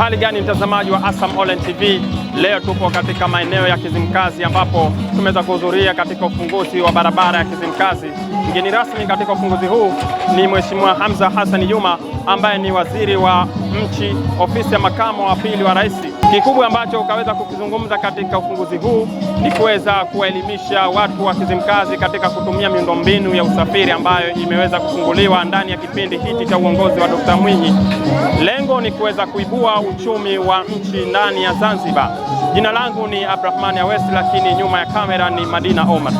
hali gani mtazamaji wa ASAM Online TV, leo tupo katika maeneo ya Kizimkazi ambapo tumeweza kuhudhuria katika ufunguzi wa barabara ya Kizimkazi. Mgeni rasmi katika ufunguzi huu ni Mheshimiwa Hamza Hassan Juma ambaye ni waziri wa nchi ofisi ya makamu wa pili wa rais. Kikubwa ambacho ukaweza kukizungumza katika ufunguzi huu ni kuweza kuwaelimisha watu wa Kizimkazi katika kutumia miundombinu ya usafiri ambayo imeweza kufunguliwa ndani ya kipindi hiki cha uongozi wa Dkt. Mwinyi ni kuweza kuibua uchumi wa nchi ndani ya Zanzibar. Jina langu ni Abdrahmani awes lakini nyuma ya kamera ni Madina Omar.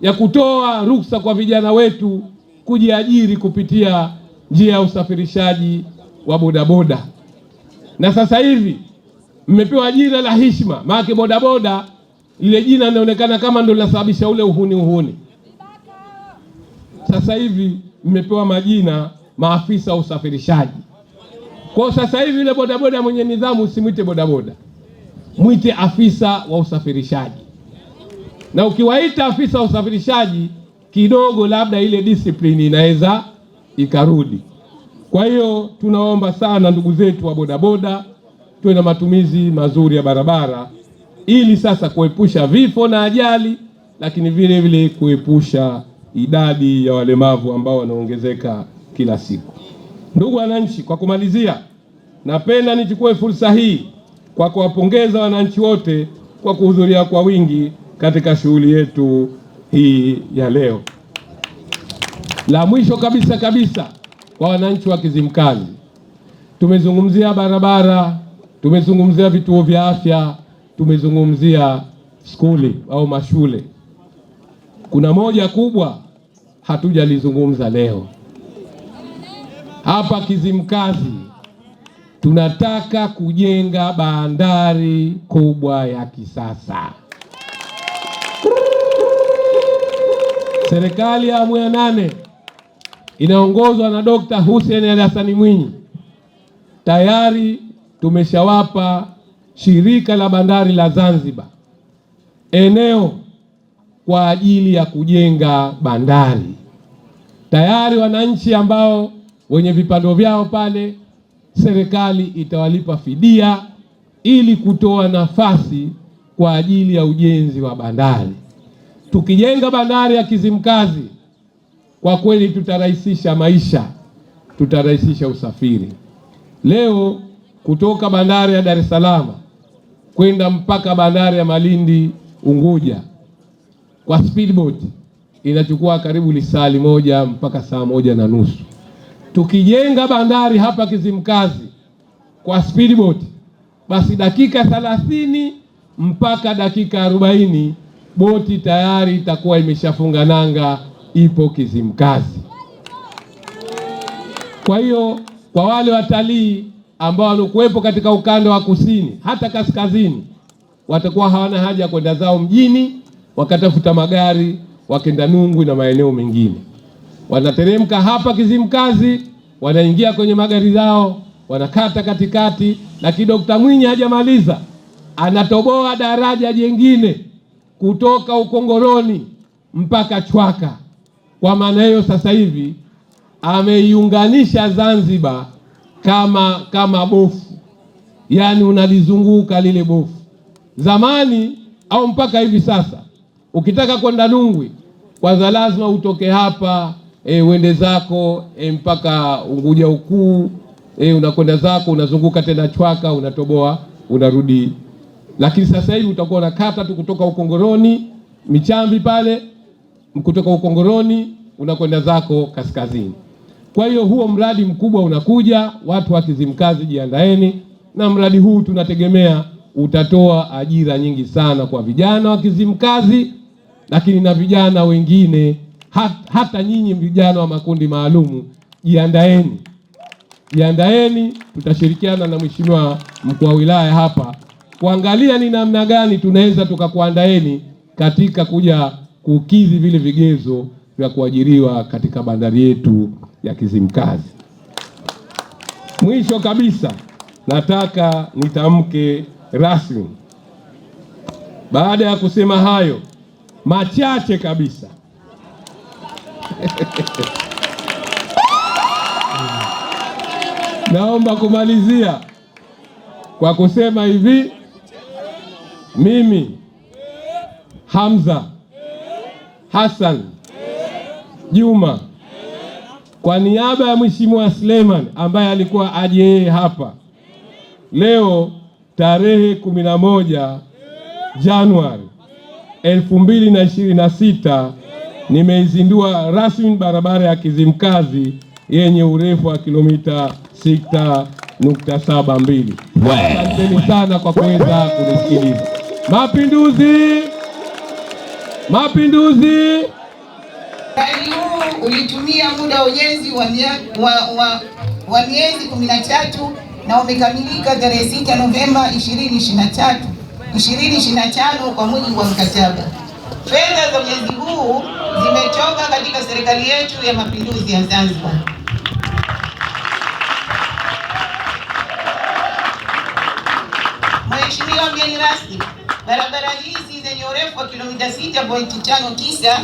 Ya kutoa ruksa kwa vijana wetu kujiajiri kupitia njia ya usafirishaji wa bodaboda, na sasa hivi mmepewa jina la heshima, maana bodaboda lile jina linaonekana kama ndio linasababisha ule uhuni uhuni. Sasa hivi mmepewa majina maafisa wa usafirishaji kwa sasa hivi yule bodaboda mwenye nidhamu usimwite bodaboda, mwite afisa wa usafirishaji. Na ukiwaita afisa wa usafirishaji kidogo, labda ile disiplini inaweza ikarudi. Kwa hiyo tunaomba sana ndugu zetu wa bodaboda, tuwe na matumizi mazuri ya barabara ili sasa kuepusha vifo na ajali, lakini vile vile kuepusha idadi ya walemavu ambao wanaongezeka kila siku. Ndugu wananchi, kwa kumalizia, napenda nichukue fursa hii kwa kuwapongeza wananchi wote kwa kuhudhuria kwa wingi katika shughuli yetu hii ya leo. La mwisho kabisa kabisa, kwa wananchi wa Kizimkazi, tumezungumzia barabara, tumezungumzia vituo vya afya, tumezungumzia skuli au mashule. Kuna moja kubwa hatujalizungumza leo. Hapa Kizimkazi tunataka kujenga bandari kubwa ya kisasa. Serikali ya awamu ya nane inaongozwa na Dr. Hussein Ali Hassan Mwinyi tayari tumeshawapa shirika la bandari la Zanzibar eneo kwa ajili ya kujenga bandari. Tayari wananchi ambao wenye vipando vyao pale, serikali itawalipa fidia ili kutoa nafasi kwa ajili ya ujenzi wa bandari. Tukijenga bandari ya Kizimkazi, kwa kweli tutarahisisha maisha, tutarahisisha usafiri. Leo kutoka bandari ya Dar es Salaam kwenda mpaka bandari ya Malindi Unguja kwa speedboat inachukua karibu lisali moja mpaka saa moja na nusu tukijenga bandari hapa Kizimkazi kwa speedboat, basi dakika thelathini mpaka dakika arobaini boti tayari itakuwa imeshafunga nanga, ipo Kizimkazi. Kwa hiyo kwa wale watalii ambao walikuwepo katika ukanda wa kusini hata kaskazini, watakuwa hawana haja ya kwenda zao mjini wakatafuta magari wakenda Nungwi na maeneo mengine wanateremka hapa Kizimkazi, wanaingia kwenye magari zao, wanakata katikati, lakini Dokta Mwinyi hajamaliza, anatoboa daraja jengine kutoka Ukongoroni mpaka Chwaka. Kwa maana hiyo sasa hivi ameiunganisha Zanzibar kama kama bofu, yaani unalizunguka lile bofu. Zamani au mpaka hivi sasa ukitaka kwenda Nungwi kwanza lazima utoke hapa e, uende zako e, mpaka Unguja Ukuu e, unakwenda zako unazunguka tena Chwaka unatoboa unarudi. Lakini sasa hivi utakuwa unakata tu kutoka Ukongoroni Michambi pale, kutoka Ukongoroni unakwenda zako kaskazini. Kwa hiyo huo mradi mkubwa unakuja, watu wa Kizimkazi jiandaeni na mradi huu, tunategemea utatoa ajira nyingi sana kwa vijana wa Kizimkazi, lakini na vijana wengine hata, hata nyinyi vijana wa makundi maalumu jiandaeni, jiandaeni. Tutashirikiana na mheshimiwa mkuu wa wilaya hapa kuangalia ni namna gani tunaweza tukakuandaeni katika kuja kukidhi vile vigezo vya kuajiriwa katika bandari yetu ya Kizimkazi. Mwisho kabisa, nataka nitamke rasmi baada ya kusema hayo machache kabisa. Naomba kumalizia kwa kusema hivi, mimi Hamza Hassan Juma kwa niaba ya Mheshimiwa Suleiman ambaye alikuwa aje hapa leo tarehe 11 Januari 2026 nimeizindua rasmi barabara ya Kizimkazi yenye urefu wa kilomita 6.72. Asanteni sana kwa kuweza kunisikiliza. Mapinduzi, mapinduzi. huu ulitumia muda wa wa, wa miezi 13 na umekamilika tarehe 6 Novemba 2023 2025 kwa mujibu wa mkataba. Fedha za ujenzi huu tumechoka katika serikali yetu ya mapinduzi ya Zanzibar. Mheshimiwa mgeni rasmi, barabara hizi zenye urefu wa kilomita 6.59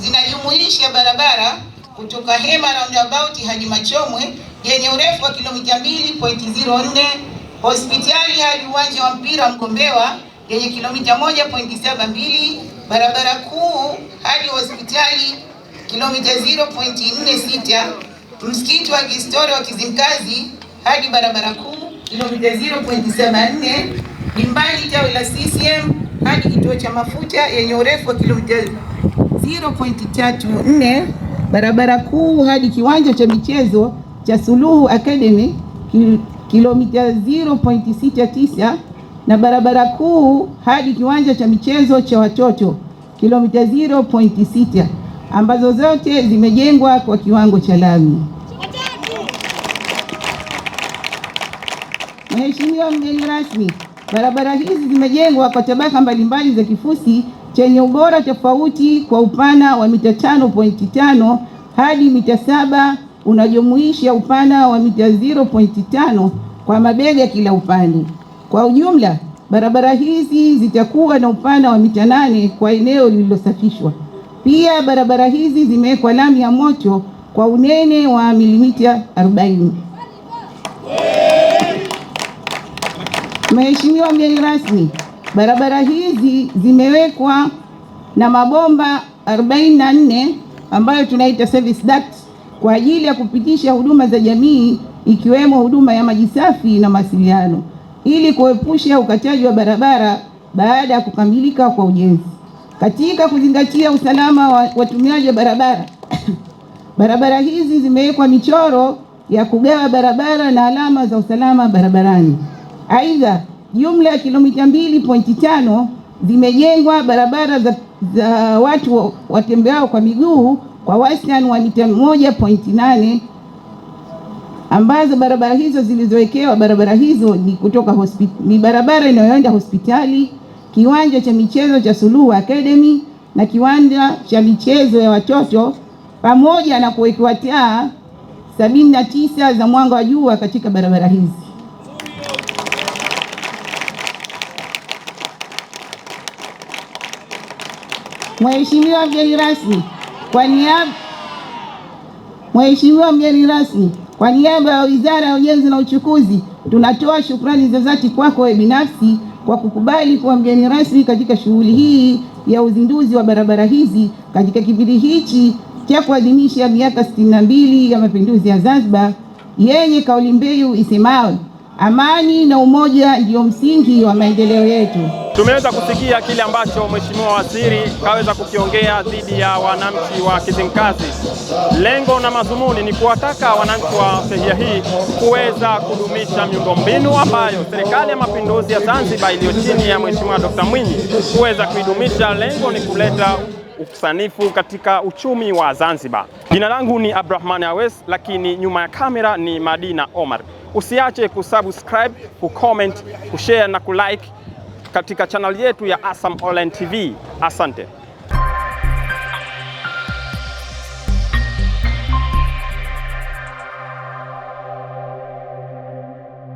zinajumuisha barabara kutoka Hema roundabout hadi Machomwe yenye urefu wa kilomita 2.04, hospitali hadi uwanja wa mpira Mgombewa yenye kilomita 1.72 barabara kuu hadi hospitali kilomita 0.46, msikiti wa kihistoria wa Kizimkazi hadi barabara kuu kilomita 0.74, Limbali tawi la CCM hadi kituo cha mafuta yenye urefu wa kilomita 0.34, barabara kuu hadi kiwanja cha michezo cha Suluhu Academy kilomita 0.69 na barabara kuu hadi kiwanja cha michezo cha watoto kilomita 0.6 ambazo zote zimejengwa kwa kiwango cha lami. Mheshimiwa mgeni rasmi, barabara hizi zimejengwa kwa tabaka mbalimbali za kifusi chenye ubora tofauti kwa upana wa mita 5.5 hadi mita 7 unajumuisha upana wa mita 0.5 kwa mabega kila upande. Kwa ujumla, barabara hizi zitakuwa na upana wa mita nane kwa eneo lililosafishwa. Pia barabara hizi zimewekwa lami ya moto kwa unene wa milimita 40. Mheshimiwa mgeni rasmi, barabara hizi zimewekwa na mabomba 44 ambayo tunaita service duct kwa ajili ya kupitisha huduma za jamii ikiwemo huduma ya maji safi na mawasiliano ili kuepusha ukataji wa barabara baada ya kukamilika kwa ujenzi. Katika kuzingatia usalama wa watumiaji wa barabara barabara hizi zimewekwa michoro ya kugawa barabara na alama za usalama barabarani. Aidha, jumla ya kilomita mbili pointi tano zimejengwa barabara za, za watu watembeao kwa miguu kwa wastani wa mita moja pointi nane ambazo barabara hizo zilizowekewa barabara hizo ni kutoka hospit, ni barabara inayoenda hospitali, kiwanja cha michezo cha Suluhu Academy na kiwanja cha michezo ya watoto pamoja na kuwekewa taa sabini na tisa za mwanga wa jua katika barabara hizi. Mheshimiwa mgeni rasmi, kwa niaba Mheshimiwa mgeni rasmi kwa niaba ya Wizara ya Ujenzi na Uchukuzi, tunatoa shukrani za dhati kwako wewe binafsi kwa kukubali kuwa mgeni rasmi katika shughuli hii ya uzinduzi wa barabara hizi katika kipindi hichi cha kuadhimisha miaka 62 ya mapinduzi ya Zanzibar yenye kauli mbiu isemayo amani na umoja ndiyo msingi wa maendeleo yetu. Tumeweza kusikia kile ambacho Mheshimiwa Waziri kaweza kukiongea dhidi ya wananchi wa Kizimkazi. Lengo na madhumuni ni kuwataka wananchi wa sehia hii kuweza kudumisha miundombinu ambayo serikali ya mapinduzi ya Zanzibar iliyo chini ya Mheshimiwa Dr. Mwinyi kuweza kuidumisha. Lengo ni kuleta usanifu katika uchumi wa Zanzibar. Jina langu ni Abdurahmani Awes, lakini nyuma ya kamera ni Madina Omar. Usiache kusubscribe, kucomment, kushare na kulike katika channel yetu ya ASAM Online TV. Asante.